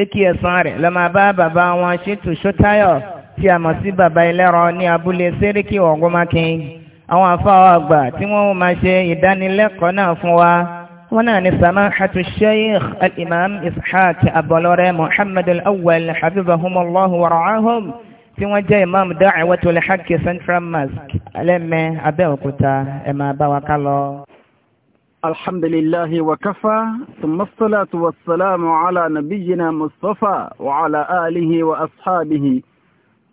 pé kí ẹ̀san rẹ̀ lọ máa bá bàbá wọn ṣètò ṣótáyọ̀ tí a mọ̀ sí bàbá ẹlẹ́rọ ní abúlé séríkì ọ̀gbọ́mákin àwọn afáwọ̀ àgbà tí wọ́n máa ṣe ìdánilẹ́kọ̀ọ́ náà fún wa wọ́n náà ni samahatu sheikh al-imam ishaq abọlọ́rẹ́ muhammad al-awwal habibahumullahu tí wọ́n jẹ́ imam da'watul haqq central mosque alẹ́mẹ́ abẹ́òkúta ẹ̀ máa bá wa ká lọ. الحمد لله وكفى ثم الصلاة والسلام على نبينا مصطفى وعلى آله وأصحابه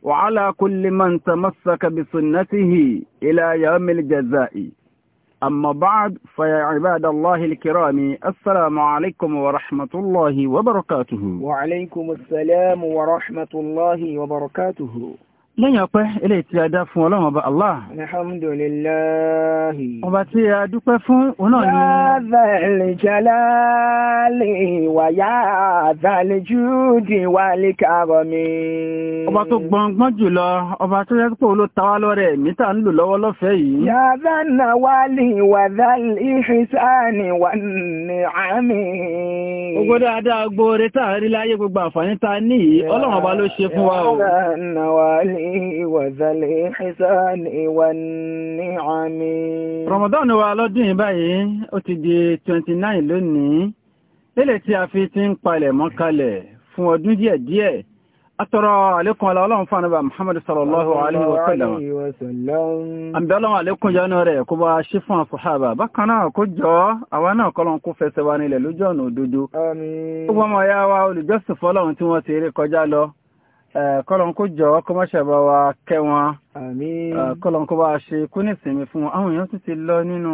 وعلى كل من تمسك بسنته إلى يوم الجزاء أما بعد فيا عباد الله الكرام السلام عليكم ورحمة الله وبركاته وعليكم السلام ورحمة الله وبركاته lẹ́yìn ọpẹ́ ilé tí a dá fún ọlọ́run ọba Allah. alhamdulillahi. ọba tí a dúpẹ́ fún òun náà ni. yáàzàlì jalali wà yáàzàlì júdì wà lè kààrọ̀ mi. ọba tó gbọngbọ́n jùlọ ọba tó yẹ kó ló ta wá lọ́rẹ̀ mítà ń lò lọ́wọ́ lọ́fẹ̀ẹ́ yìí. yáàzàlì wàlì wàzàlì ìfisàní wà ní àmì. وذا الإحسان والنعم Ramadan wa lọ́dún yìí báyìí ó ti di 29 lónìí lélẹ̀ tí a fi ti ń palẹ̀ mọ́ kalẹ̀ fún ọdún díẹ̀ díẹ̀ atọ́rọ àlékún ọlá ọlọ́run fún àníbà Muhammadu sallallahu alaihi wa sallam àmì ọlọ́run àlékún yánú rẹ̀ kó bá ṣí fún àṣùhábà bákan náà kó jọ àwa náà kọ́lọ́n kó fẹsẹ̀ wa nílẹ̀ lójú ọ̀nà òdodo ó gbọ́mọ̀ ya wa olùjọ́sìn fọ́lọ́run tí wọ́n ti rí kọjá lọ Eh, kọ́lọ̀n kó jọ kó má ṣe bá wa kẹ́ wọn eh, kọ́lọ̀n kó bá ṣe kú ní ìsinmi fún wọn àwọn èèyàn tún ti lọ nínú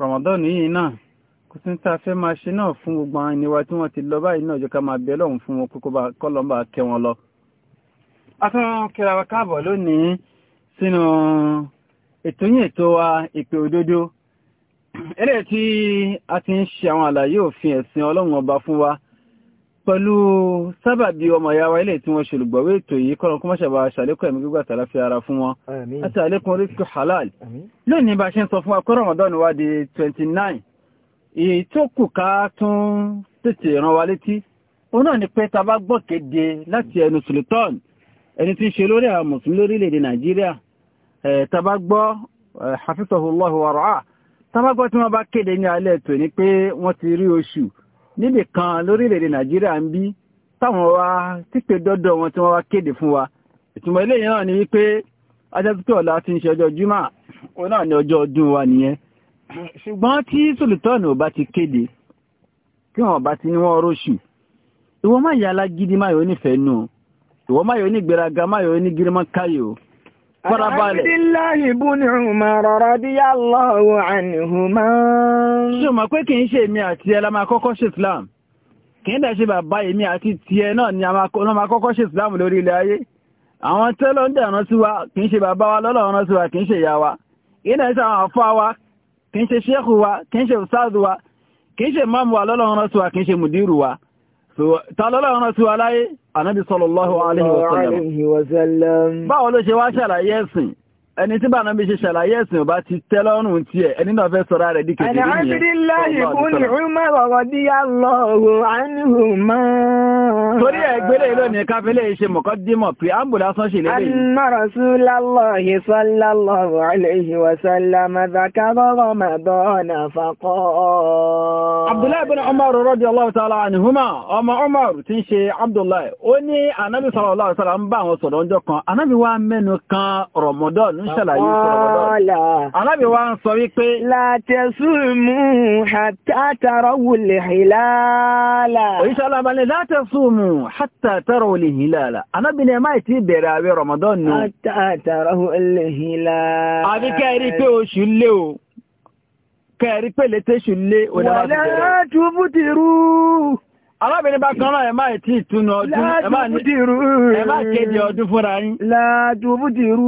Ramadan yìí náà kò sí tá a fẹ́ máa ṣe náà fún gbogbo àwọn ènìyàn tí wọ́n ti lọ báyìí náà jọ ká máa bẹ̀ lọ́hùn fún wọn kó kọ́lọ̀n bá kẹ́ wọn lọ. a tún kíra wa káàbọ̀ lónìí sínú ètò yín ètò wa ìpè òdodo eléyìí tí a ti ń ṣe àwọn àlàyé òfin ẹ̀sìn Ọlọ́run ọba fún wa pẹ̀lú sábàbí ọmọ ìyá wa ilé tí wọ́n ṣolùgbọ̀wé ètò yìí kọ́rọ̀ kọ́ mọ́ṣẹ̀bà ṣàlékún ẹ̀mí gbígbà tààrà fi ara fún wọn àti àlékún rísíkù halal lónìí bá ṣe ń sọ fún wa kó Ramadan wá di 29 èyí tó kù ká tún tètè rán wa létí òun náà ni pé ta bá gbọ́ kéde láti ẹnu sultan ẹni tí ń ṣe lórí àwọn mùsùlùmí lórílẹ̀-èdè Nàìjíríà ta bá gbọ́ hafizahullahu wa ra'ah ta bá gbọ́ tí wọ́n bá kéde ní alẹ́ ètò ní pé wọ́n ti rí oṣù níbì kan lórílẹ̀-èdè nàìjíríà ń bí táwọn wá sípè dọ́dọ̀ wọn tí wọ́n wá kéde fún wa ìtumọ̀ eléyìí náà ni wípé ajásípé ọ̀la ti ń ṣe ọjọ́ júmà ó náà ní ọjọ́ ọdún wa nìyẹn ṣùgbọ́n tí sòlítọ́ọ̀nù ò bá ti kéde tí wọn bá ti ní wọn róṣù ìwọ má yà alágídí má yọ onífẹ̀ẹ́ nù ìwọ má yọ onígbéraga má yọ onígírímọ́ káyò farabalẹ̀. Abdullahi ibn Umar radiyallahu anhuma. Ṣé o mọ̀ pé kìí ṣe èmi àti ẹ la máa kọ́kọ́ ṣe Islam? Kìí dẹ̀ ṣe bàbá èmi àti tiẹ̀ náà ni a máa kọ́kọ́ ṣe Islam lórí ilẹ̀ ayé. Àwọn tẹ́lọ ń dẹ̀rán sí wa, kìí ṣe bàbá wa lọ́lọ́run rán sí wa, kìí ṣe ṣe àwọn wa tàlọ́lọ́rán sí wa láyé ànábì sallallahu alaihi wasallam báwo ló ṣe wá ṣàlàyé ẹ̀sìn ẹni tí bá nàbí ṣe ṣàlàyé ẹ̀sìn ọba ti tẹ́ lọ́rùn tí ẹ̀ ẹni náà fẹ́ sọ́ra rẹ̀ díkẹ̀ sí torí ẹgbẹ́lẹ̀ lónìí káfílẹ̀ ṣe mọ̀kọ́ dímọ̀ pé ámbùlá sán ṣe lélẹ̀ Anna Rasulallahi sallallahu alayhi wa sallam dhakara Ramadana faqala Abdullah ibn Umar radiyallahu ta'ala anhuma ọmọ Umar tí ń ṣe Abdullah ó ní Ànábì sallallahu alayhi wa sallam ń bá àwọn sọ̀rọ̀ ọjọ́ kan Ànábì wá mẹ́nu kan Ramadan ṣàlàyé ìṣẹ̀lẹ̀ Ànábì wa ń sọ wípé látẹ̀sùmù hàtàtàrọ̀ wùlẹ̀ hìlàlà. Òyíṣẹ́ alábalẹ̀ látẹ̀sùmù hàtàtàrọ̀ wùlẹ̀ hìlàlà. Ànábì ni ẹ máa ti bẹ̀rẹ̀ àwẹ̀ Ramadan nù. Hàtàtàrọ̀ wùlẹ̀ hìlàlà. Àbíkẹ́ Arábìnrin bá kan náà ẹ máa tí ìtúnu ọdún, ẹ máa kéde ọdún fúnra yín. Láàdùbù ti rú.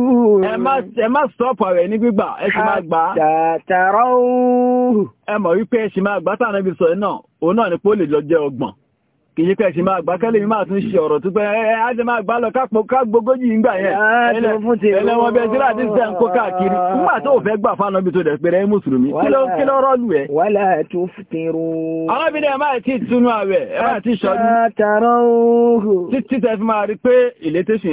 Ẹ máa sọ́pọ̀ rẹ̀ ní gbígbà, ẹ sì máa gbà. Tàtàrà ooo. Ẹ mọ̀ wípé ẹ sì máa gbà tànà ibi sọ náà, òun náà ni pó lè lọ jẹ́ ọgbọ̀n kìí kẹ́ ṣe máa gbá kẹ́lẹ̀ mi máa tún ṣe ọ̀rọ̀ tó pẹ́ ẹ́ẹ́dẹ́ máa gbá lọ kágbogójì ìgbà yẹn ẹlẹ́wọ̀n bẹ́ẹ̀ tí láti ṣe ń kó káàkiri nígbà tó fẹ́ gbà fánà bí tó dẹ̀ pẹ̀rẹ̀ mùsùlùmí kí ló rọ́lù ẹ̀. wàhálà tó fìtìrù. àwọn ibi náà máa ti túnú àwẹ̀ ẹ máa ti ṣọdún. àtàrà oòrùn. títí tẹ fi máa rí pé ìlétèṣì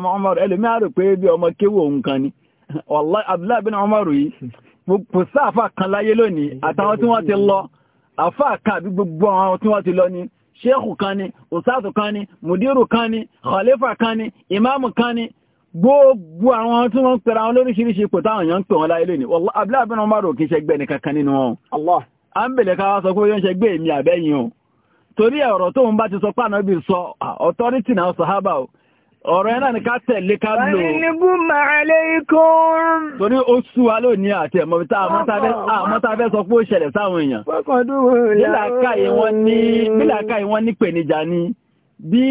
yẹn ẹlòmí àrò pé bí ọmọ kéwò òun kan ni Abdullahi bin Umar yìí kò sáàfà kan láyé lónìí àtàwọn tí wọ́n ti lọ àfà kan àbí gbogbo àwọn tí wọ́n ti lọ ni ṣéèkù kan ni òsáàtù kan ni mùdírù kan ni khalifa kan ni ìmáàmù kan ni gbogbo àwọn tí wọ́n pẹ̀rẹ̀ àwọn lóríṣiríṣi ipò táwọn èèyàn ń pè wọ́n láyé lónìí Abdullahi bin Umar kì í ṣẹgbẹ́ ní kankan nínú wọn. a ń bèèrè káwà sọ pé yóò ṣe gbé èmi àbẹ́yìn o torí ọ̀rọ̀ tóun bá ti sọ pàánà bí sọ ọ̀tọ́rítì náà sọ̀hábà o ọ̀rọ̀ ẹ̀nà ni ká tẹ̀lé ká lò ọ̀rìnlẹ́gbù màálẹ́ ikọ́ torí ó súwa lónìí àti ẹ̀mọ̀ tí àmọ́tafẹ́ sọ pé ó ṣẹlẹ̀ sáwọn èèyàn nílàkàí wọ́n ní pènijà ni bí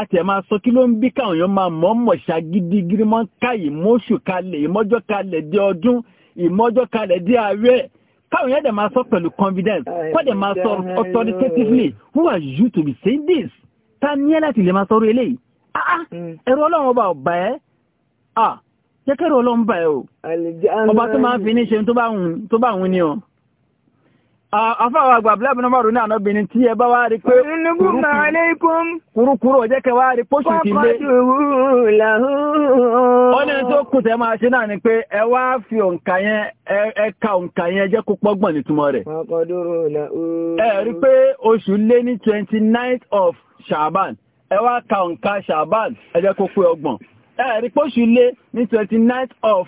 àti ẹ̀mà sọ kí ló ń bí káwọn èèyàn máa mọ̀ọ́mọ̀ ṣàgídígírí mọ́ káyì mọ́ṣù kalẹ̀ ìmọ́jọ́ kalẹ̀ dé ọdún ìmọ́jọ́ kalẹ̀ dé ààrẹ káwọn èèyàn dẹ̀ máa sọ pẹ̀lú confidence wọ́n dẹ̀ máa sọ authoritatively who are you to be saying this ta ní ẹ́ láti lè máa sọ̀rọ̀ eléyìí Ah, ah. hmm. ẹ̀rọ ọlọ́run ọba ọba ẹ̀ ah, jẹ́kẹ̀rọ ọlọ́run bá ẹ̀ o ọba tó máa ń fi ní ṣe tó bá wù ní ọ afáwọn àgbà bílẹ̀bì náà rú ní ànábìnrin tí ẹ bá wá rí pé kúrúkúrú ọjẹ́ kẹwàá rí pósù ti lé ó ní tó kù tẹ máa ṣe náà ni pé ẹ wá fi òǹkà yẹn ẹ ka òǹkà yẹn jẹ́ kó pọ́gbọ̀n nítumọ̀ rẹ̀ ẹ rí pé oṣù lé ní 29th of Shaban ẹ wá ka òǹkà shaban ẹ jẹ́ kó pé ọgbọ̀n ẹ̀rí póṣù lé ní 29th of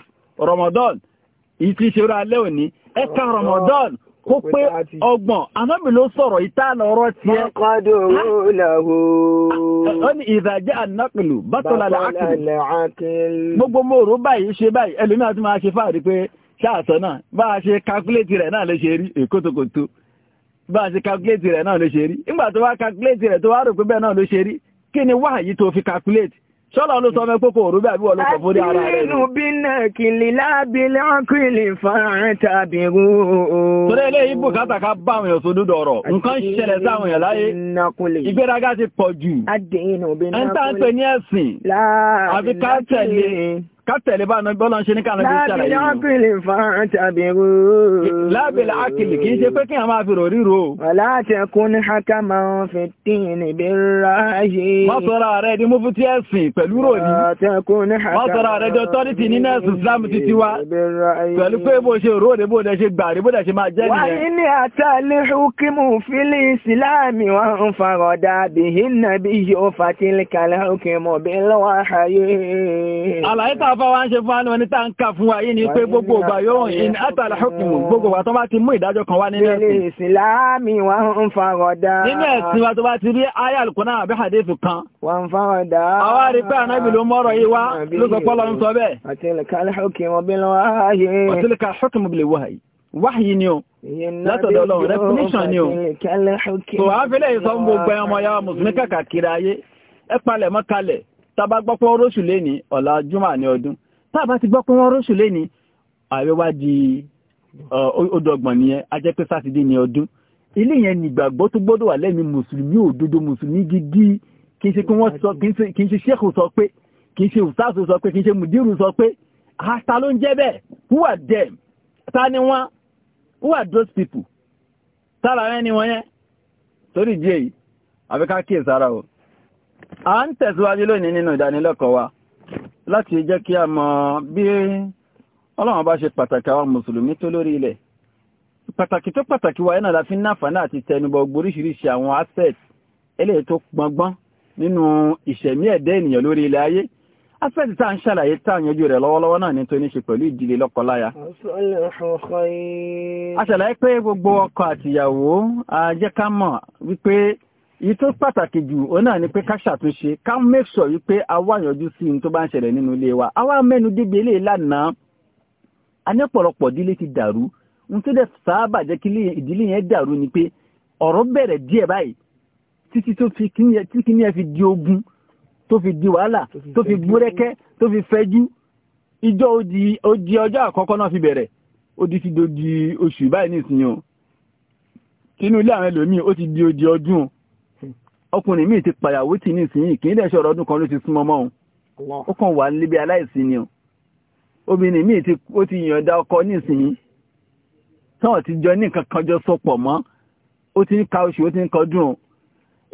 Ramadan èyí tí ṣe rà òní ẹ Ramadan kó pé ọgbọ̀n anábì ló sọ̀rọ̀ ìta lọ́rọ̀ tí ẹ ó ní ìdàjẹ́ ànákìlù bátọ́lá làákìlù gbogbo mòrò báyìí ṣe báyìí ẹlòmí àti máa ṣe fáàrí pé ṣáàtọ̀ náà bá a ṣe calculate rẹ̀ náà lè ṣe rí èkótokòtó bá a ṣe calculate rẹ̀ náà lè ṣe rí nígbà tó wá calculate rẹ̀ tó wá rò pé bẹ́ẹ̀ náà lè ṣe rí kí ni wáyí tó fi calculate ṣọ́lá ló sọ mẹ́kó kò rú bẹ́ẹ̀ bí wọ́n ló sọ fórí ara rẹ̀. àbínú bínà kìlì lábílẹ̀ ọkùnlé fàárẹ̀ tàbí rú. torí ilé ibù kátàkà bá àwọn èèyàn sódúdọ̀ ọ̀rọ̀ nǹkan ń ṣẹlẹ̀ sáwọn èèyàn láyé ìgbéraga ti pọ̀ jù. àdéhùn bínà kùlé lábílẹ̀ ọkùnlé kátẹ̀lé bá náà bọ́lá ń ṣe ní kànáà bí sára yìí. lábìlì ákìlì fún tàbírú. lábìlì ákìlì kì í ṣe pé kí a máa fi rò ríro. aláàtẹ̀kùn ní haka máa ń fi tíì wa. pẹ̀lú pé fili islam wọn farada bihin nabi yóò fatilkalẹ̀ hukimu bí lọ́wọ́ afáwá ń ṣe fún àwọn onítà ń kà fún àyí ni pé gbogbo ọgbà yóò in àtàlà hukumu gbogbo wa tó bá ti mú ìdájọ́ kan wá nínú ẹ̀sìn ìsìláàmì ni o látọ̀dọ̀ ọlọ́run definition ni o kò wá fẹ́lẹ̀ ọmọ yàwó mùsùlùmí kàkàkiri ayé ẹ palẹ̀ mọ́ tàbá gbọ́ pé wọ́n róṣù léni ọ̀la júmà ní ọdún tàbá ti gbọ́ pé wọ́n róṣù léni ààrẹ wá di ọdọgbọ̀n nìyẹn a jẹ́ pé sátidé ní ọdún ilé yẹn nìgbàgbọ́ tó gbọ́dọ̀ wà lẹ́mí mùsùlùmí òdodo mùsùlùmí gidi kì í ṣe kí wọ́n sọ kì í ṣe ṣéèkù sọ pé kì í ṣe mùdírù sọ pé hasta ah, ló ń jẹ́ bẹ́ẹ̀ who are them ta ni wọ́n who are those people tára rẹ̀ ni wọ́n yẹn torí díẹ̀ yìí àbíká kíyèsára o a ń tẹ̀síwájú lónìí nínú ìdánilẹ́kọ̀ọ́ wa láti jẹ́ kí a mọ̀ bí Ọlọ́run bá ṣe pàtàkì àwọn mùsùlùmí tó lórí ilẹ̀ pàtàkì tó pàtàkì wa yánà láti náfàánà àti tẹnubọ̀ gboríṣiríṣi àwọn asset eléyìí tó gbọngbọ́n nínú ìṣẹ̀mí ẹ̀dẹ́ ènìyàn lórí ilẹ̀ ayé asset tá ń ṣàlàyé tá rẹ̀ lọ́wọ́lọ́wọ́ náà ní tó ní ṣe pẹ̀lú ìdílé lọ́kọláya. a ṣàlàyé pé gbogbo ọkọ àtìyàwó a jẹ́ ká mọ̀ wípé yìí tó pàtàkì jù ó náà ni pé ká ṣàtúnṣe ká make sure wípé àwa yanjú sí ohun tó bá ń ṣẹlẹ̀ nínú ilé wa àwa mẹ́nu débi eléyìí lánàá a ní ọ̀pọ̀lọpọ̀ ìdílé ti dàrú ohun tó dẹ̀ sábà jẹ́ kí ìdílé yẹn dàrú ni pé ọ̀rọ̀ bẹ̀rẹ̀ díẹ̀ báyìí títí tó fi kíní ẹ fi di ogun tó fi di wàhálà tó fi búrẹ́kẹ́ tó fi fẹ́jú ìjọ odi ọjọ́ àkọ́kọ́ náà fi bẹ̀rẹ̀ ó di ti di oṣù báyìí nísìnyí o tinú ilé àwọn ẹlòmíì ó ti di odi ọdún o ọkùnrin míì ti pàyàwó tì ní ìsinyìí kì í dẹ̀ ṣọ̀rọ̀ ọdún kan ló ti súnmọ́ mọ́ òun ó kàn wà níbi aláìsí ni o obìnrin míì ti ó ti yànda ọkọ ní ìsinyìí táwọn ti jọ ní nǹkan kan jọ sọpọ̀ mọ́ ó ti ń ka oṣù ó ti ń kọdún o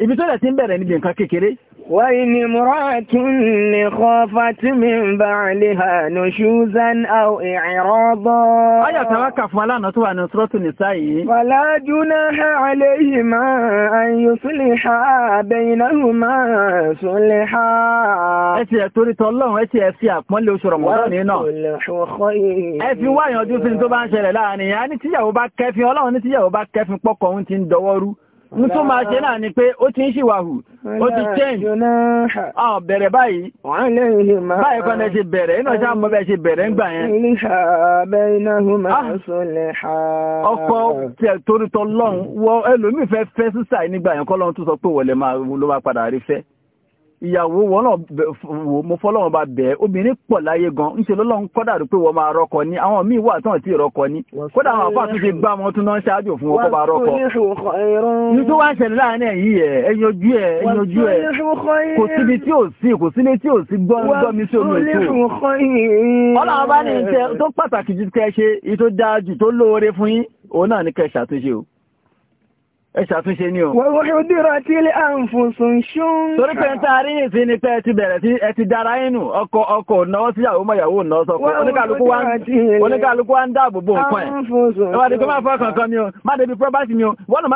ibi tó rẹ̀ ti ń bẹ̀rẹ̀ níbi nǹkan kékeré. wà ní mùràtún ní kọfà tí mi ń bá lè hà ní ṣúzán àwọn ìrọ́bọ̀. ayà tàwà kà fún aláàna tó wà ní ṣúrọ́tù nìsá yìí. fàlájú náà alẹ́ yìí máa ayò súnlẹ̀ ha bẹ̀yìn náà máa súnlẹ̀ ha. ẹ ẹ̀ torí tọ́lọ́run ẹ ẹ̀ fi àpọ́nlé oṣù rọ̀mọ́dọ́ nínú. ẹ ní tó máa ṣe náà ni pé ó ti ń ṣìwàhù ó ti change àwọn bẹ̀rẹ̀ báyìí báyìí kan lẹ ṣe bẹ̀rẹ̀ iná ṣe àmọ́ bẹ́ ṣe bẹ̀rẹ̀ ńgbà yẹn ah. ọkọ̀ torítọ́ lọ́hun wọ ẹlòmífẹ́ fẹ́ sísà nígbà yẹn kọ́ lọ́hun tó sọ pé wọlé ló máa padà rí fẹ́ ìyàwó wọn náà wò mo fọlọ́wọ́n bá bẹ̀ẹ́ obìnrin pọ̀ láyé gan ń ṣe lọ́lọ́run kọ́dà rò pé wọ́n máa rọ́kọ ní àwọn míì wà tán tí rọ́kọ ní kódà àwọn àpá tún ti gbá wọn tún náà ṣáájú fún wọn bá rọ́kọ. ní wá ń ṣẹlẹ̀ láàárín ẹ̀yìn ẹ̀ ẹ̀yin ẹ̀ ẹ̀yin ẹ̀ kò síbi tí ò sí kò sílé tí ò sí gbọ́mí sí omi ètò. ọlọ́run bá ní ẹ̀ṣàtúnṣe ní o. wọ́n dìrọ̀ tí ilé àǹfòsùn ṣún. torí pé ń ta rí ní ìsinmi pé ẹ ti bẹ̀rẹ̀ sí ẹ ti dára inú ọkọ ọkọ náwó sí ìyàwó mọ̀yàwó náà sọ pé oníkàlùkù wá ń dáàbò bò nǹkan ẹ̀. ẹwà dìkọ́ máa fọ́ kankan mi o má débi property mi o wọ́n lọ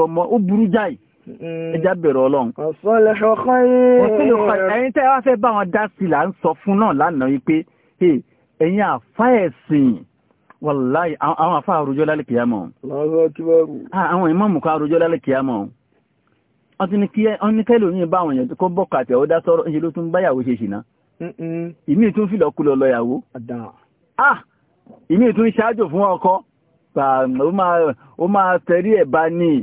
má Mm. ẹjá bẹ̀rẹ̀ ọlọ́run. ọ̀sọ́lẹ̀ ọkọ̀ yìí. ọ̀sọ́lẹ̀ ọkọ̀ yìí ẹ̀yin tẹ́ ẹ wá fẹ́ bá wọn dá sí i là ń sọ fún náà lánàá yìí pé ẹ̀yin àfa ẹ̀sìn wàláì àwọn àfa àròjọ́ lálẹ́ kìámọ̀. àwọn ìmáàmù kan àròjọ́ lálẹ́ kìámọ̀. wọ́n ti ní kí wọ́n ní kẹ́lò yín bá àwọn èèyàn kó bọ́kà tẹ̀ ó dá sọ́rọ́ ìṣe ló tún báyàwó ṣe ṣìnà. ìmí tún fìlọ̀ kulọ̀ lọ́yàwó. ìmí tún ṣáájò fún ọkọ. ó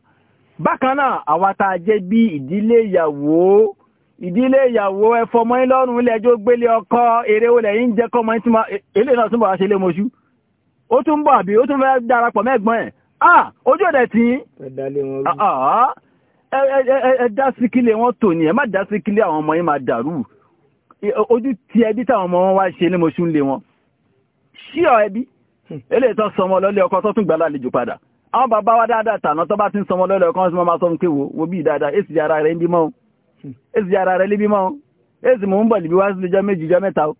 bákan náà àwa tá a jẹ́ bí ìdílé ìyàwó ìdílé ìyàwó ẹ̀fọ́ ọmọ yín lọ́rùn ilẹ̀jọ́ gbélé ọkọ eré olè yín jẹ́ kọ́mọ yín tí ma èlé náà túnbọ̀ ṣe lé moṣú ó tún bọ̀ àbí ó tún fẹ́ darapọ̀ mẹ́gbọ́n ẹ̀ ah ojú ọ̀dẹ̀ tí ẹ dá sí kílé wọn tò ní ẹ má dá sí kílé àwọn ọmọ yín máa dàrú ojú ti ẹbí táwọn ọmọ wọn wá ṣe lé moṣú ń lé wọn ṣí ọ ẹbí eléyìí tó sọmọ lọ́lé ọkọ tó tún gbà lálejò padà àwọn bàbá wa dáadáa tànà tó bá ti ń sọmọ lọ́lọ́ kan sí mọ́ máa sọ fún pé wo bí dáadáa èsì ara rẹ̀ ń bí mọ́ èsì ara rẹ̀ líbí mọ́ èsì mò ń bọ̀ líbí wá sí ìjọ méjì ìjọ mẹ́ta o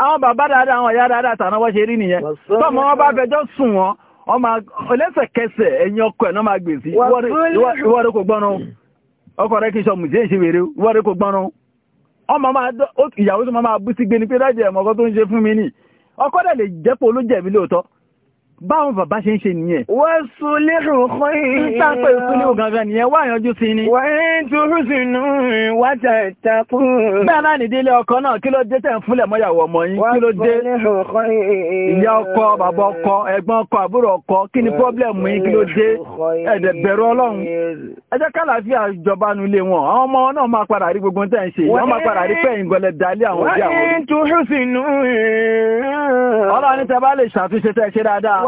àwọn bàbá dáadáa àwọn ìyá dáadáa tànà wọ́n ṣe rí nìyẹn tọ́mọ wọn bá fẹjọ́ sùn wọn ọmọ ọlẹ́sẹ̀kẹsẹ̀ ẹ̀yìn ọkọ ẹ̀ náà máa gbè sí báwọn bàbá ṣe ń ṣe nìyẹn. wọ́n sún lérò kọ́ yìí. ń sápẹ́ ìpínlẹ̀ ògàngàn nìyẹn wá yanjú sí ni. wọ́n tún sínú ìwájà ìtakùn. bẹ́ẹ̀ náà nìdílé ọkọ náà kí ló dé tẹ̀ ń mọ́yàwó ọmọ yín kí ló dé. ìyá ọkọ bàbá ọkọ ẹ̀gbọ́n ọkọ àbúrò ọkọ kí ni pọ́blẹ̀mù yín kí ló dé. ẹ̀dẹ̀ bẹ̀rù ọlọ́run. ẹ jẹ́ kálàáfíà ìjọba nu ilé ṣe wọ́n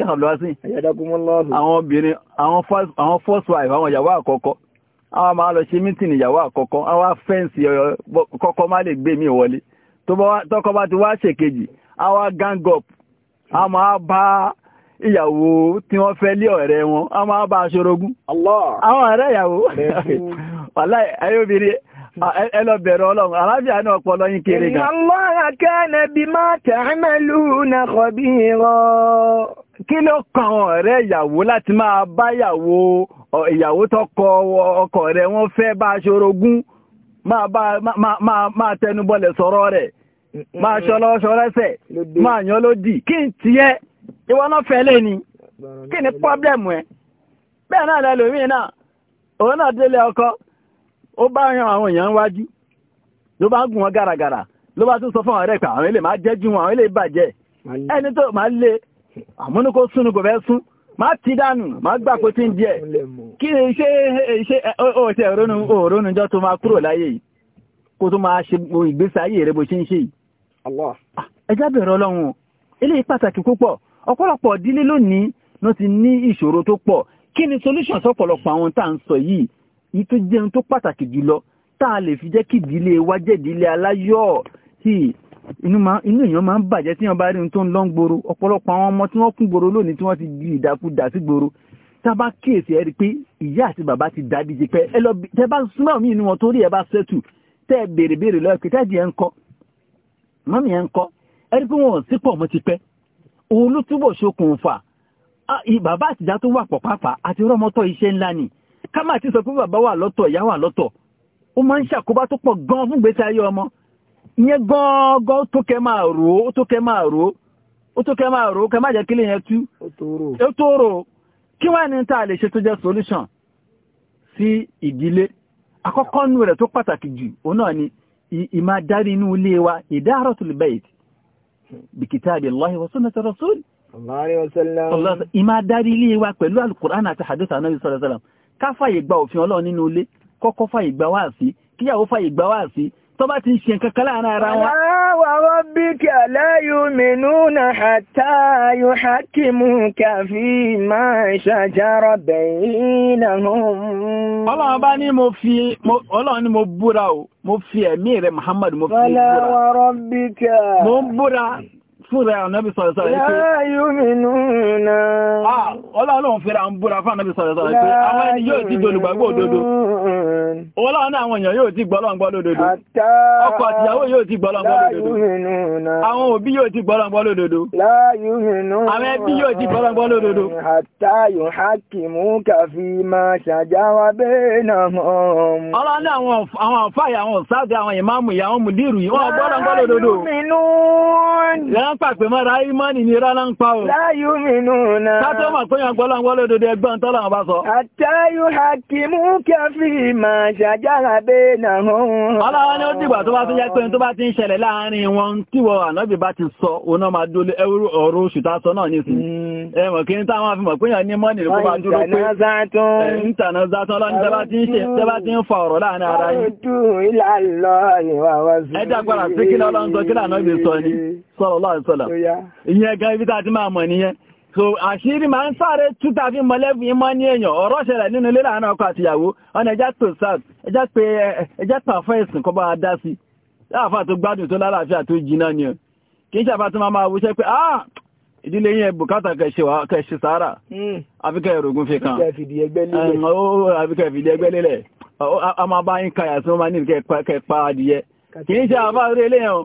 ṣe hàn lọ́wọ́ sí àwọn obìnrin àwọn first wife àwọn ìyàwó àkọ́kọ́ àwọn máa lọ ṣe mítìnì ìyàwó àkọ́kọ́ àwọn fẹ́ǹsì kọ́kọ́ má lè gbé mi wọlé tọ́kọ bá ti wá ṣèkejì àwọn gang up a máa bá ìyàwó tí wọ́n fẹ́ lé ọ̀rẹ́ wọn a máa bá aṣọ́rogún àwọn ọ̀rẹ́ ìyàwó wàláì ayóbìnrin Ah, ẹ lọ bẹ̀rẹ̀ ọlọ́run arábíà náà pọ̀lọ́ yín kéré gan. Allaha kana bima ta'maluna khabira. kí ló kan ọ̀rẹ́ ìyàwó láti máa bá ìyàwó ìyàwó tọkọ ọkọ rẹ̀ wọ́n fẹ́ bá aṣorogún máa tẹnubọlẹ̀ sọ̀rọ̀ rẹ̀ máa ṣọlọ́ṣọ rẹ́sẹ̀ máa yán lódì kí n tiẹ́ ìwọ náà fẹ́ lé ni kí ni pọ́blẹ̀mù ẹ bẹ́ẹ̀ náà lẹ́lòmíì náà òun náà délé ọkọ ó bá yan àwọn èèyàn wájú ló bá gùn wọn gàràgàrà ló bá tún sọ fún àwọn ẹ̀rẹ́ pé àwọn ilé máa jẹ́ jù wọn àwọn ilé ìbàjẹ́ ẹni tó máa lé àmúnukó súnú kò fẹ́ sún máa ti dànù máa gbà kó tí ń díẹ̀ kí ni iṣẹ́ iṣẹ́ òòtẹ́ òrónújọ́ tó máa kúrò láyé yìí kó tó máa ṣe ìgbésí ayé rẹ̀ bó ṣe ń ṣe yìí ah, ẹjá bẹ̀rẹ̀ ọlọ́run ilé pàtàkì púpọ̀ ọ̀pọ̀lọpọ̀ dílé lónìí ló ti ní ìṣòro tó pọ̀ kí ni solution sọ́pọ̀lọpọ̀ àwọn tá à ń sọ yìí yìí tó jẹun tó pàtàkì jùlọ tá a lè fi jẹ́ kí ìdílé wa jẹ́ ìdílé aláyọ̀ inú èèyàn máa ń bàjẹ́ tí wọ́n bá rí ohun tó ń lọ ń gbòòrò ọ̀pọ̀lọpọ̀ àwọn ọmọ tí wọ́n kún gbòòrò lónìí tí wọ́n ti di ìdàkudà sí gbòòrò tá a bá kíyèsí ẹ rí i pé ìyá àti bàbá ti dàbí jẹ pé ẹ lọ tẹ bá súnmọ́ mi inú wọn torí ẹ bá sẹ́tù tẹ́ ẹ béèrè béèrè lọ́ọ́ pé tẹ́ẹ̀dì ẹ ń kọ́ mọ́mí ẹ ń kọ́ ẹ rí i pé wọn ò sí pọ̀ mọ́ ti pẹ́ òun ló túbọ̀ ṣokùnfà bàbá àtijọ́ tó wà pọ̀ pàápàá àti rọ́mọtọ́ iṣẹ́ ńlá ni ká má ti sọ pé bàbá wà lọ́tọ̀ ìyá wà lọ́tọ̀ ó máa ń ṣàkóbá tó pọ̀ gan fún gbèsè ayé ọmọ ìyẹn gangan tó kẹ máa rò ó tó kẹ máa rò ó tó kẹ máa rò ó kẹ yẹn tú ó tó rò kí ní a lè ṣe tó jẹ́ solution sí ìdílé àkọ́kọ́ nù rẹ̀ tó pàtàkì jù náà ni ìmá wa idaratul ká gba òfin ọlọ́run nínú ilé kọ́kọ́ fàyè gba wáàsí kíyàwó fàyè gba wáàsí tó bá ti ń ṣe kankan láàrin ara wọn. Wa rabbika la yu'minuna hatta yuhakkimuka fima shajara bainahum. Ọlọ́run bá ní mo fi, ọlọ́run ni mo búra o, mo fi ẹ̀mí rẹ̀ Muhammad mo fi búra. Wa rabbika. Mo ń búra fún rẹ̀ ànábì sọ̀rọ̀ sọ̀rọ̀ ìpé ọlọ́run fẹ́ra ń búra fún ànábì sọ̀rọ̀ sọ̀rọ̀ ìpé àwọn ẹni yóò ti dolùgbàgbọ́ òdodo ọlọ́run àwọn àfáà àwọn ọ̀sáàdì àwọn ìmáàmù ìyàwó mùdírù yìí wọ́n gbọ́lọ́ngbọ́ lódodo pàpẹ mọ́ra ìmánì ní rárá ń pa ò. láyú mínú náà. sátọ́ mà pé yàn gbọ́lá ń wọlé ẹgbọ́n tọ́lá wọn sọ. àtàyù hakimu kẹfì mà ṣàjára bẹ́ẹ̀ náà hàn. ọlọ́wọ́ ni ó dìgbà tó bá tún jẹ́ pé tó bá ti ń ṣẹlẹ̀ láàárín wọn tí wọ́n ànábì bá ti sọ òun máa dúró ẹrú ọ̀rọ̀ oṣù tá sọ náà nísìnyí. Hmm. ẹ mọ̀ kí n táwọn afimọ̀ pé yàn ní mọ́nì ló bá dúró pé ìtànà zátún ọlọ́ni tẹ́ bá ti ń fa ọ̀rọ̀ láàárín ara yìí. ẹ sọ̀lọ̀ ìyẹn gan ibi tàbí máa so àṣírí ma n sáré túta fi mọ́lẹ́bù ìmọ́ ní èèyàn ọrọ ṣẹlẹ̀ nínú ilé láàárín ọkọ àtìyàwó ọ̀nà ẹjá tó sáàt ẹjá pé ẹjá tó àfẹ́ ẹ̀sìn kọ́ bá wa dá ni kì í ṣàfà pé ah ìdílé yẹn kẹṣẹ sára fi kan a yín wọn ní kẹ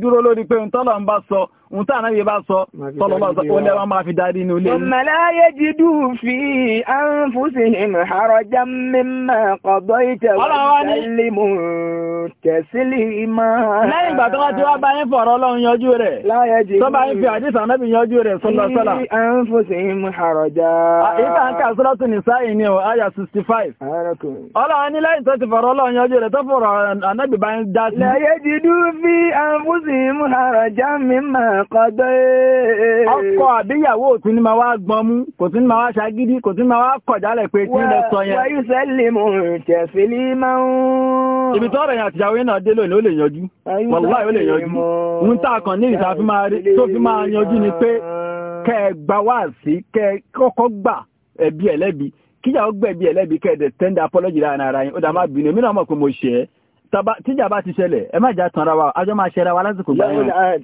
dúró lórí pé ń tọ́lọ̀ ń bá sọ ń tàn náà yẹ sọ tọ́lọ́lọ́sọ ó lẹ́wọ́n máa fi darí inú ilé. ọmọ láyé jidú fi anfusihim harajan mimma qadayta wa sallimu taslima. lẹ́yìn ìgbà tó wá ti wá bá yín fọ̀rọ̀ ọlọ́run yanjú rẹ̀ tó bá yín fi àdìsàn náà bí yanjú rẹ̀ sọ́lọ́sọ́lá. fi anfusihim harajan. ìta ah, ń kà sọ́lọ́tù nìsá fọ̀rọ̀ ọlọ́run yanjú rẹ̀ ọkọ àbíyàwó òtún ni ma wá gbọ́n mú kò tún ni máa wá ṣagídí kò tún ni wá kọ̀jálẹ̀ pé kí lọ sọ yẹn. wáyé sẹ́lẹ̀ mò máa ń. ibi àtìyàwó yẹn náà dé lónìí ó lè yanjú wàláhì ó lè yanjú ń kan ní ìta tó fi máa yanjú ni pé ẹ ẹ kọ́kọ́ gbà kíyàwó gbẹ̀bí kẹ́ ara tíjà bá ti ṣẹlẹ̀ ẹ má jà tanra wa ajọ́ máa ṣẹra wa lásìkò gbà yẹn. láwùlà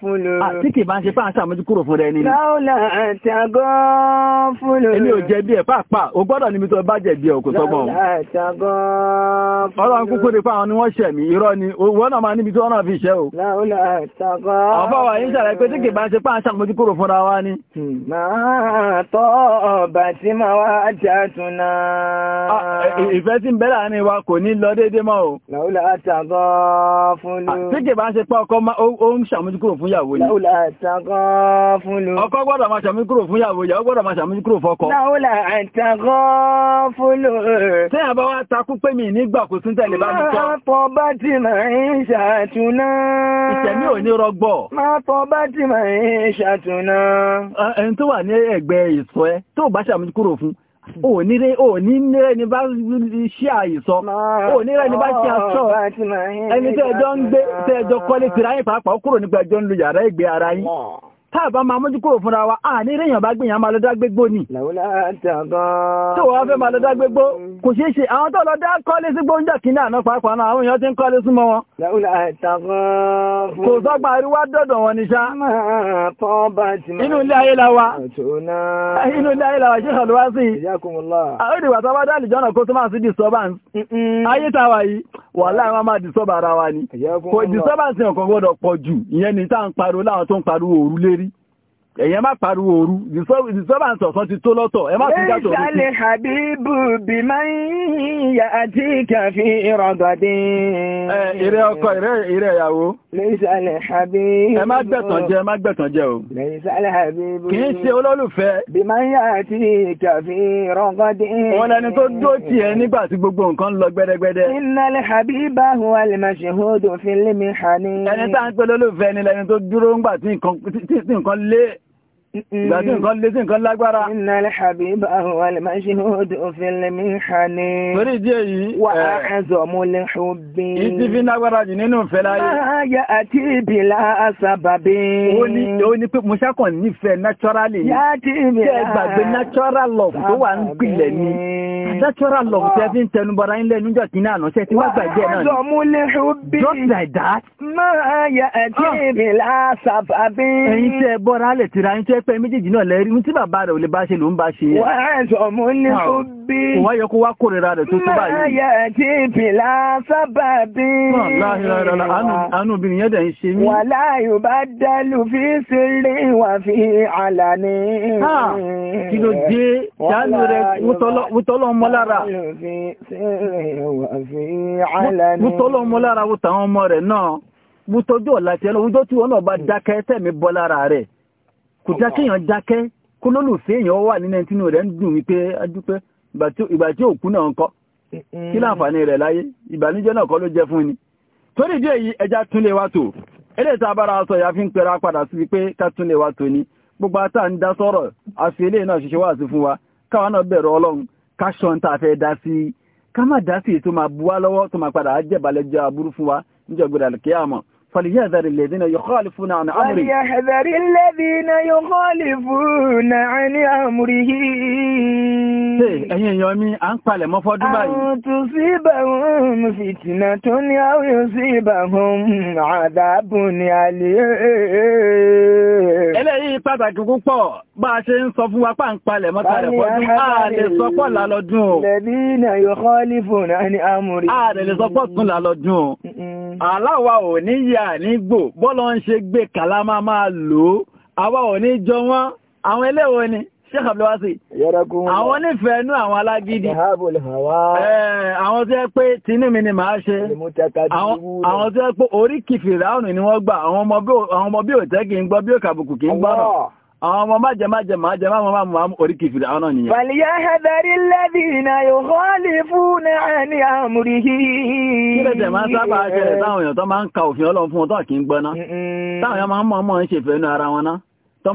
fúnlò. àti ah, kì bá ń ṣe fáà sàmójú kúrò fún rẹ ni. láwùlà àtàgán fúnlò. èmi ò jẹ̀bi ẹ̀ pàápàá o gbọdọ níbi tó bá kò láwùlà fúnlò. kúkú ni fáwọn ni wọ́n ṣẹ̀ ni náà máa níbi mọ́ o. Làúlà àtàgọ́ fún ló. Ah, Tíkè bá ń ṣe pé ọkọ ó ń ṣàmójúkúrò fún ìyàwó ni. Làúlà àtàgọ́ fún ló. Ọkọ gbọ́dọ̀ máa ṣàmójúkúrò fún ìyàwó, ìyàwó gbọ́dọ̀ máa ṣàmójúkúrò fọkọ. Làúlà àtàgọ́ fún ló. Tí a bá wá takú pé mi nígbà kò tún tẹ̀lé bá mi tọ́. Máa tọ́ bá onire onire ni bá ṣí àìsọ onire ni bá ṣí àṣọ ẹni tẹ́ẹ̀jọ́ ń gbé tẹ́ẹ̀jọ́ kọ́lé tìráyìn pàápàá kúrò nígbàjọ́ ń lu yàrá ìgbé ara yín táàbá máa mójú kúrò fúnra wa a ní ìrìyàn bá gbìyàn máa lọ́dá gbégbó ni tó wọ́n fẹ́ máa lọ́dá gbégbó kò ṣeé ṣe àwọn tó lọ́dá kọ́lé sí gbóúnjẹ́ kìíní àná pàápàá náà àwọn èèyàn ti ń kọ́lé súnmọ́ wọn kò sọ́gbà àríwá dọ̀dọ̀ wọn ni ṣá inú ilé ayé la wa inú ilé ayé la wa ṣe hàlúwá sí àwọn ìdìbò àtàwọn ni kò disturbance yẹn kan gbọ́dọ̀ pọ̀ jù ìyẹn èyàn má pariwo òru disturbance ọ̀sán ti tó lọ́tọ̀ ẹ má tún dájọ́ òru. ìṣàlẹ̀ habibu bí máa ń yà àti kàfí ìrọ̀gọ̀dé. ìrẹ ọkọ ìrẹ ìyàwó. ìṣàlẹ̀ habibu. ẹ má gbẹ̀tàn jẹ ẹ má gbẹ̀tàn jẹ o. ìṣàlẹ̀ habibu. kì í ṣe olólùfẹ́. bí máa ń yà àti kàfí ìrọ̀gọ̀dé. wọn lẹni tó dó tì ẹ nígbà tí gbogbo nǹkan ń lọ gbẹdẹgbẹdẹ. ìṣàlẹ̀ habiba al-mashhudu fil-mihani. Ìgbà tí nǹkan lé sí nǹkan lágbára. Iná alẹ́hàbí bá wà lè máa ṣe òdò òfin lèmi hà ní. Torí ìdí èyí. Wà á ẹ̀zọ̀ mú lè ṣó Ìdí fi lágbára jù nínú ìfẹ́ láyé. Yáyà àti ìbìlà àṣàbàbí. Ó ní ó ní pé mo ṣàkàn nífẹ̀ẹ́ naturally. Yáyà àti ìbìlà. Ṣé gbàgbé natural love tó wà ń gbilẹ̀ ni? Natural love tẹ́ fi ń tẹnubọra ń lẹ́nu jọ kìíní ṣe pé méjèèjì náà lẹ́rí ní tí bàbá rẹ̀ ò lè bá ṣe ló ń bá ṣe yẹn. wọ́n á sọ mú ní kú bí. wọ́n wá yọ kó wá kórìíra rẹ̀ tó tó báyìí. máa yẹ ti fìlà sábà bí. àánú obìnrin yẹn dẹ̀ ń ṣe mí. wàhálà yóò bá dẹ́lu fi sílé wà fi àlà ní. kí ló dé ṣáánú rẹ wútọ́lọ́ ọmọ lára. wútọ́lọ́ ọmọ lára wútàwọn ọmọ rẹ̀ náà wútọ́jú ọ̀la tiẹ̀ lọ wújọ́ tí bá dákẹ́ tẹ̀mí bọ́ lára rẹ̀. kò dá kéèyàn dákẹ́ kó lólùfẹ́ èèyàn wà nínú ẹni rẹ̀ ń dùn wípé adúpẹ́ ìgbà tí òkú náà ń kọ́ kí láǹfààní rẹ̀ láyé ìbànújẹ́ náà kọ́ ló jẹ́ fún ni tó nìdí èyí ẹja túnlé tò a sọ ìyá fi ń padà sí ká tò gbogbo ata ń dá sọ̀rọ̀ àfi eléyìí náà ṣiṣẹ́ wà sí fún wa náà ọlọ́run ká ṣan tá a fẹ́ dá sí i ká má dá sí máa bu wá lọ́wọ́ tó máa padà jẹ́ aburú fún wa فليحذر الذين يخالفون عن أمره فليحذر الذين يخالفون عن أمره ẹ̀yin èèyàn mi à ń palẹ̀ mọ́ fọ́dún báyìí. àwọn tó sí bàwọn fìtìnà tó ní àwọn yóò sí bàwọn àdàbùn ní alẹ́. eléyìí pàtàkì púpọ̀ bá a ṣe ń sọ fún wa pà ń palẹ̀ mọ́ kalẹ̀ fọ́dún a lè sọ pọ̀ lálọ́dún o. lẹ́bí náà yóò kọ́ lífò náà ní àmúrí. a lè sọ pọ̀ tún lálọ́dún o aláwa ò ní yà nígbò bọ́lọ́ ń ṣe gbé kàlámà máa lò ó àwa ò ní jọ wọ́n àwọn eléwo ni Sheikh Abdulwasi àwọn onífẹ̀ẹ́ inú àwọn alágídí àwọn tí ẹ pé tinú mi ni màá ṣe àwọn tí ẹ pé orí kìfìrà ọ̀nà ni wọ́n gbà àwọn ọmọ bí òtẹ́ kì í gbọ́ bí òkàbùkù kì í gbọ́nà àwọn ọmọ májẹ májẹ máa jẹ máa máa máa orí kìfìrì àwọn náà nìyẹn. fàlìyà hadari lẹ́bìnà yóò lè fún ní àmúrí yìí. kí lẹ́tẹ̀ máa sábà ṣẹlẹ̀ táwọn èèyàn tó máa ń ka òfin ọlọ́run fún ọtọ́ kì í gbọ́ná táwọn èèyàn máa ń ń ara wọn ná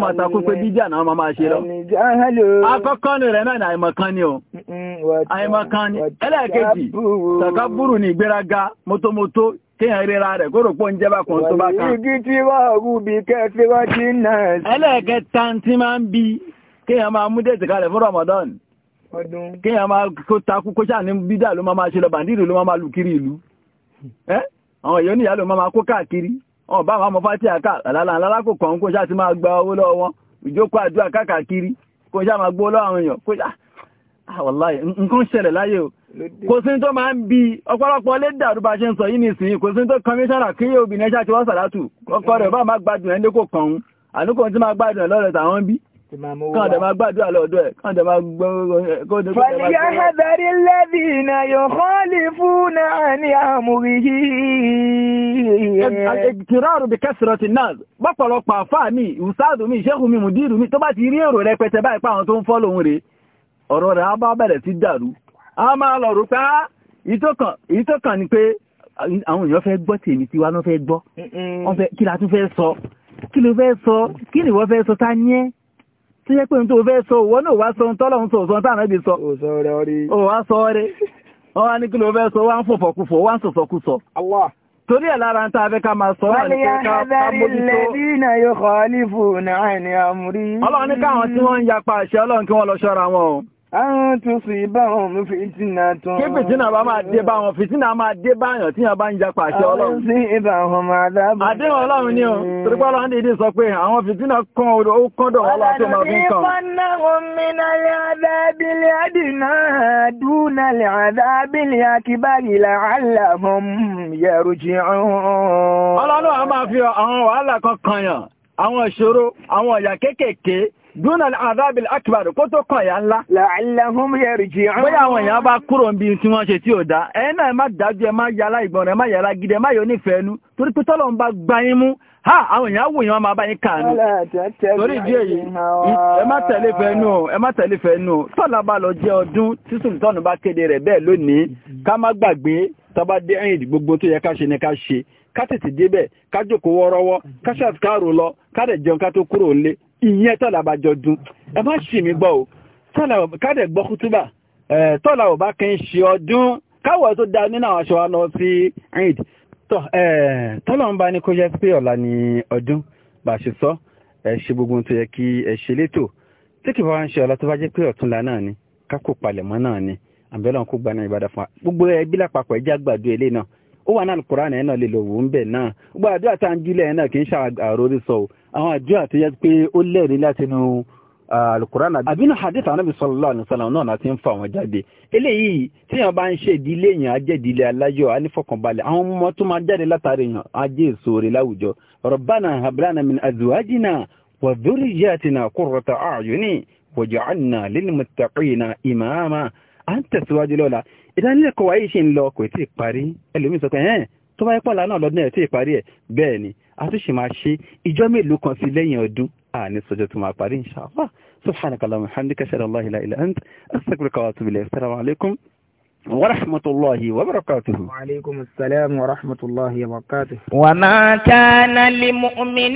máa ta kú pé bídíà máa lọ. akọ́kọ́ ni rẹ̀ náà ni àìmọ̀kan ni o àìmọ̀kan ni ẹlẹ́ẹ̀kejì tàkàbùrù ni ìgbéraga mótómótó kéèyàn ríra rẹ̀ kó rò pọ́ ń jẹ́ bá kan tó bá kan. igi tí wọ́n rú bí kẹfí wọ́n ti ń nà sí. ẹlẹ́ẹ̀kẹta tí máa ń bi kéèyàn máa mú déètì kalẹ̀ fún Ramadan kéèyàn máa kó takú kó sáà bídà ló máa máa lù kiri ìlú àwọn èèyàn ló máa kó káàkiri bá àlàlà kò kàn kó máa gba owó ìjókòó kò sí tó máa ń bí ọ̀pọ̀lọpọ̀ lé dàrú bá ṣe ń sọ yìí ní ìsìn kò sí tó kọmíṣánà kí yóò bí nẹ́ṣà tí wọ́n sàlátù ọkọ rẹ̀ bá máa gbádùn ẹni kò kàn ún tí máa gbádùn ẹ̀ lọ́rẹ̀ tàwọn bí kàn gbádùn àlọ́ọ̀dọ́ ẹ̀ kàn dẹ̀ a máa lọ rò pé èyí tó kàn ni pé àwọn èèyàn fẹ́ gbọ́ tèmi tí wa náà fẹ́ gbọ́ kí la tún fẹ́ sọ kí ló fẹ́ sọ kí ni ìwọ fẹ́ sọ tá ní ẹ́ tó yẹ pé tó fẹ́ sọ òwò náà wá sọ ohun tọ́lọ̀ sọ òsàn táwọn ẹbí sọ ò wá sọ ń fòfòkúfò wá ń sòsòkúsọ torí ẹ̀ lára ń ta abẹ́ ká máa ní pé ká mójútó káwọn tí wọ́n ń yapa àṣẹ ọlọ́run kí wọ́n lọ ṣọ́ra wọn Àrùn tó sì bá wọn fìtínà tán. Kí fìtínà bá máa dé bá wọn, fìtínà máa dé bá àyàn tí yàn bá ń japa àṣẹ ọlọ́run. sí ìbá wọn máa dábò. Àdéhùn ọlọ́run o, torípá ọlọ́run dìídì sọ pé àwọn kan ó kọ́dọ̀ wọn láti ọmọ kan. Ọlọ́run ní fọ́nàrún mi náà lè àdábìlì àdínà dúnà lè àdábìlì akíbárì làálà dúnà àzábìl akbar kó tó kàn yà ńlá. la'allahum yarji'un. bóyá àwọn èèyàn bá kúrò níbi tí wọ́n ṣe tí ò dá ẹ̀yin náà ẹ má dájú ha àwọn èèyàn wò yín wọn máa bá yín kàánú. torí ìdí èyí ẹ má tẹ̀lé fẹ́ nù ọ ẹ má tẹ̀lé fẹ́ nù ọ tọ́lá bá lọ jẹ́ ọdún tí sùlùtọ́nù bá kéde rẹ̀ bẹ́ẹ̀ lónìí ká má gbàgbé tọ́ba dé ẹ̀yìn gbogbo tó yẹ ká ṣe ni ká ṣe ká tètè débẹ̀ ká jókòó wọ́rọ́wọ́ ká ṣàfikárò lọ ká dẹ̀ jẹun ká tó kúrò lé ìyẹn tọ́lá bá jọ dún ẹ má ṣì mí gbọ́ o káàdẹ̀ gbọ́ kútúbà tọ́lá ò bá kí n ṣe ọdún káwọ̀ tó da nínú àwọn aṣọ wa lọ sí eid tọ́lá ń bá ní kó yẹ pé ọ̀la ni ọdún bá ṣe sọ ẹ ṣe gbogbo tó yẹ kí ẹ ṣe létò tí kì bá ń ṣe ọ̀la tó bá jẹ́ pé ọ̀túnla náà ni kákò palẹ̀mọ́ náà ni àbẹ̀lọ́n kó gbaná ìbàdàn fún wa gbogbo ẹbí lápapọ̀ ẹjẹ́ àgbàdo eléyìí náà ó wà náà kúránì ẹ̀ náà lè lò wò ń bẹ̀ náà gbogbo àdúrà tá à ń jílẹ̀ ẹ̀ náà kì í ṣe àròrí sọ àwọn àdúrà tó yẹ pé ó lẹ́rìí láti inú alukuran àbínú hadith anabi sallallahu alaihi wasallam náà láti ń fa àwọn jáde eléyìí tíyàn bá ń ṣe ìdílé èèyàn á jẹ́ ìdílé aláyọ̀ anífọkànbalẹ̀ àwọn ọmọ tó máa jáde látàrí èèyàn á jẹ́ láwùjọ rabbana à ń tẹ̀síwájú lọ́la ìdánilẹ́kọ̀ọ́ wa yìí ṣì ń lọ kò tí ì parí ẹlòmíín sọ pé ẹ̀ẹ́n tó bá yẹ pọ̀ lánàá lọ́dún ẹ̀ tí ì parí ẹ̀ bẹ́ẹ̀ ni a tún ṣì máa ṣe ìjọ mélòó kan sí lẹ́yìn ọdún àní sọjọ́ tó máa parí inṣàlá subhanakallahu wa hamdika ashhadu an la ilaha illa anta astaghfiruka wa atubu ilayk assalamu alaikum ورحمة الله وبركاته وعليكم السلام ورحمة الله وبركاته وما كان لمؤمن